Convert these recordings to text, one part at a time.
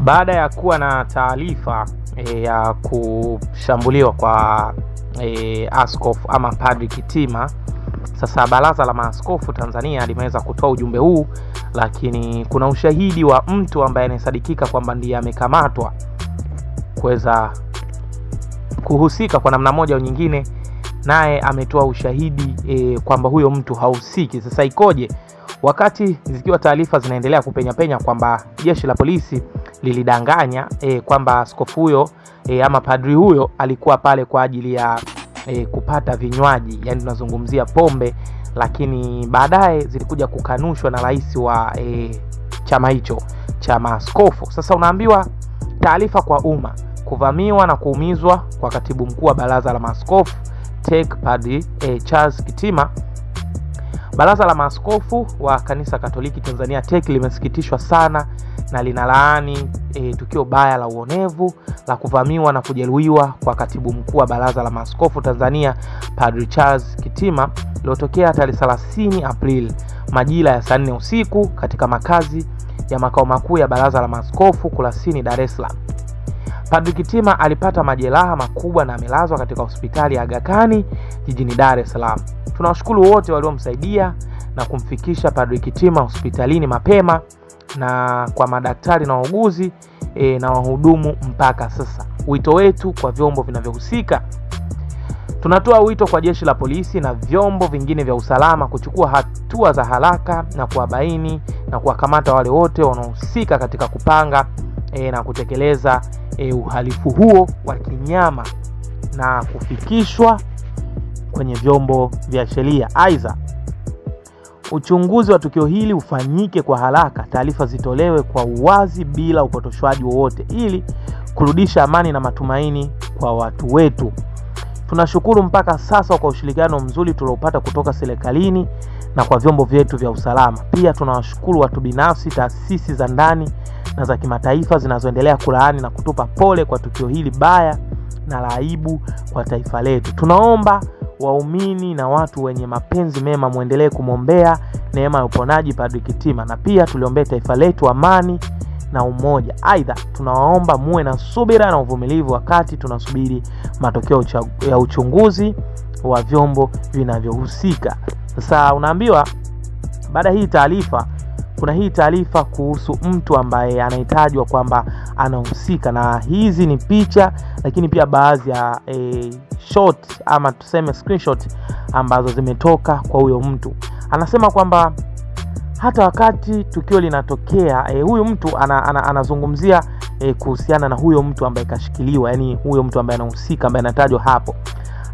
Baada ya kuwa na taarifa e, ya kushambuliwa kwa e, askofu ama Padri Kitima, sasa Baraza la Maaskofu Tanzania limeweza kutoa ujumbe huu, lakini kuna ushahidi wa mtu ambaye anasadikika kwamba ndiye amekamatwa kuweza kuhusika kwa namna moja au nyingine, naye ametoa ushahidi e, kwamba huyo mtu hahusiki. Sasa ikoje wakati zikiwa taarifa zinaendelea kupenya penya kwamba jeshi la polisi lilidanganya e, kwamba askofu huyo e, ama padri huyo alikuwa pale kwa ajili ya e, kupata vinywaji, yani tunazungumzia pombe, lakini baadaye zilikuja kukanushwa na rais wa e, chama hicho cha maaskofu. Sasa unaambiwa taarifa kwa umma, kuvamiwa na kuumizwa kwa katibu mkuu wa baraza la maaskofu TEC Padri e, Charles Kitima. Baraza la maaskofu wa kanisa Katoliki Tanzania TEC limesikitishwa sana na linalaani e, tukio baya la uonevu la kuvamiwa na kujeruhiwa kwa katibu mkuu wa Baraza la Maaskofu Tanzania Padre Charles Kitima lilotokea tarehe 30 Aprili majira ya saa usiku katika makazi ya makao makuu ya Baraza la Maaskofu Kurasini, Dar es Salaam. Padre Kitima alipata majeraha makubwa na amelazwa katika hospitali ya Aga Khan jijini Dar es Salaam. Tunawashukuru wote waliomsaidia na kumfikisha Padre Kitima hospitalini mapema na kwa madaktari na wauguzi e, na wahudumu mpaka sasa. Wito wetu kwa vyombo vinavyohusika, tunatoa wito kwa jeshi la polisi na vyombo vingine vya usalama kuchukua hatua za haraka na kuwabaini na kuwakamata wale wote wanaohusika katika kupanga e, na kutekeleza e, uhalifu huo wa kinyama na kufikishwa kwenye vyombo vya sheria. Aidha, Uchunguzi wa tukio hili ufanyike kwa haraka, taarifa zitolewe kwa uwazi bila upotoshwaji wowote, ili kurudisha amani na matumaini kwa watu wetu. Tunashukuru mpaka sasa kwa ushirikiano mzuri tuliopata kutoka serikalini na kwa vyombo vyetu vya usalama. Pia tunawashukuru watu binafsi, taasisi za ndani na za kimataifa zinazoendelea kulaani na kutupa pole kwa tukio hili baya na la aibu kwa taifa letu. Tunaomba waumini na watu wenye mapenzi mema mwendelee kumwombea neema ya uponaji Padri Kitima, na pia tuliombee taifa letu amani na umoja. Aidha, tunawaomba muwe na subira na uvumilivu wakati tunasubiri matokeo ya uchunguzi wa vyombo vinavyohusika. Sasa unaambiwa baada hii taarifa kuna hii taarifa kuhusu mtu ambaye anahitajwa kwamba anahusika, na hizi ni picha, lakini pia baadhi ya e, screenshot ama tuseme screenshot ambazo zimetoka kwa huyo mtu. Anasema kwamba hata wakati tukio linatokea e, huyu mtu ana, ana, anazungumzia e, kuhusiana na huyo mtu ambaye kashikiliwa, yani huyo mtu ambaye anahusika ambaye anatajwa hapo.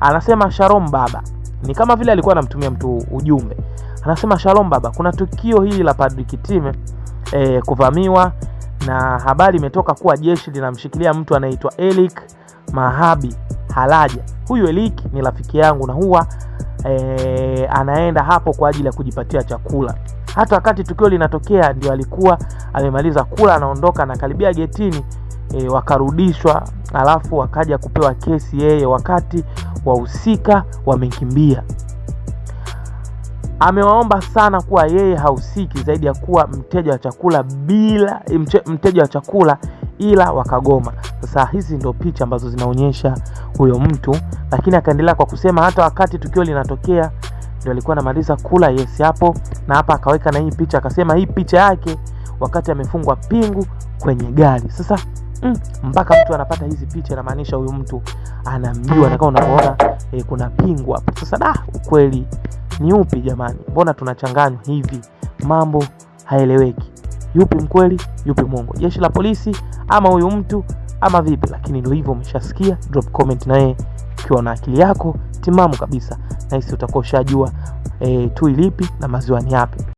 Anasema Shalom baba, ni kama vile alikuwa anamtumia mtu ujumbe. Anasema Shalom baba, kuna tukio hili la Padri Kitime e, eh, kuvamiwa na habari imetoka kuwa jeshi linamshikilia mtu anaitwa Eric Mahabi Halaja. Huyu Eliki ni rafiki yangu na huwa e, anaenda hapo kwa ajili ya kujipatia chakula. Hata wakati tukio linatokea ndio alikuwa amemaliza kula anaondoka, anakaribia getini e, wakarudishwa, alafu wakaja kupewa kesi yeye, wakati wahusika wamekimbia. Amewaomba sana kuwa yeye hahusiki zaidi ya kuwa mteja wa chakula bila mteja wa chakula ila wakagoma. Sasa hizi ndio picha ambazo zinaonyesha huyo mtu, lakini akaendelea kwa kusema hata wakati tukio linatokea ndio alikuwa anamaliza kula yes hapo, na hapa akaweka na hii picha, akasema hii picha yake wakati amefungwa pingu kwenye gari. Sasa mm, mpaka mtu anapata hizi picha inamaanisha huyu mtu anamjua, na kama unaona eh, kuna pingu hapo. Sasa da, ukweli ni upi jamani? Mbona tunachanganywa hivi, mambo haeleweki yupi mkweli, yupi mwongo, jeshi la polisi ama huyu mtu ama vipi? Lakini ndio hivyo, umeshasikia. Drop comment na yeye ukiwa na akili yako timamu kabisa, na hisi utakuwa ushajua e, eh, tui lipi na maziwa ni yapi.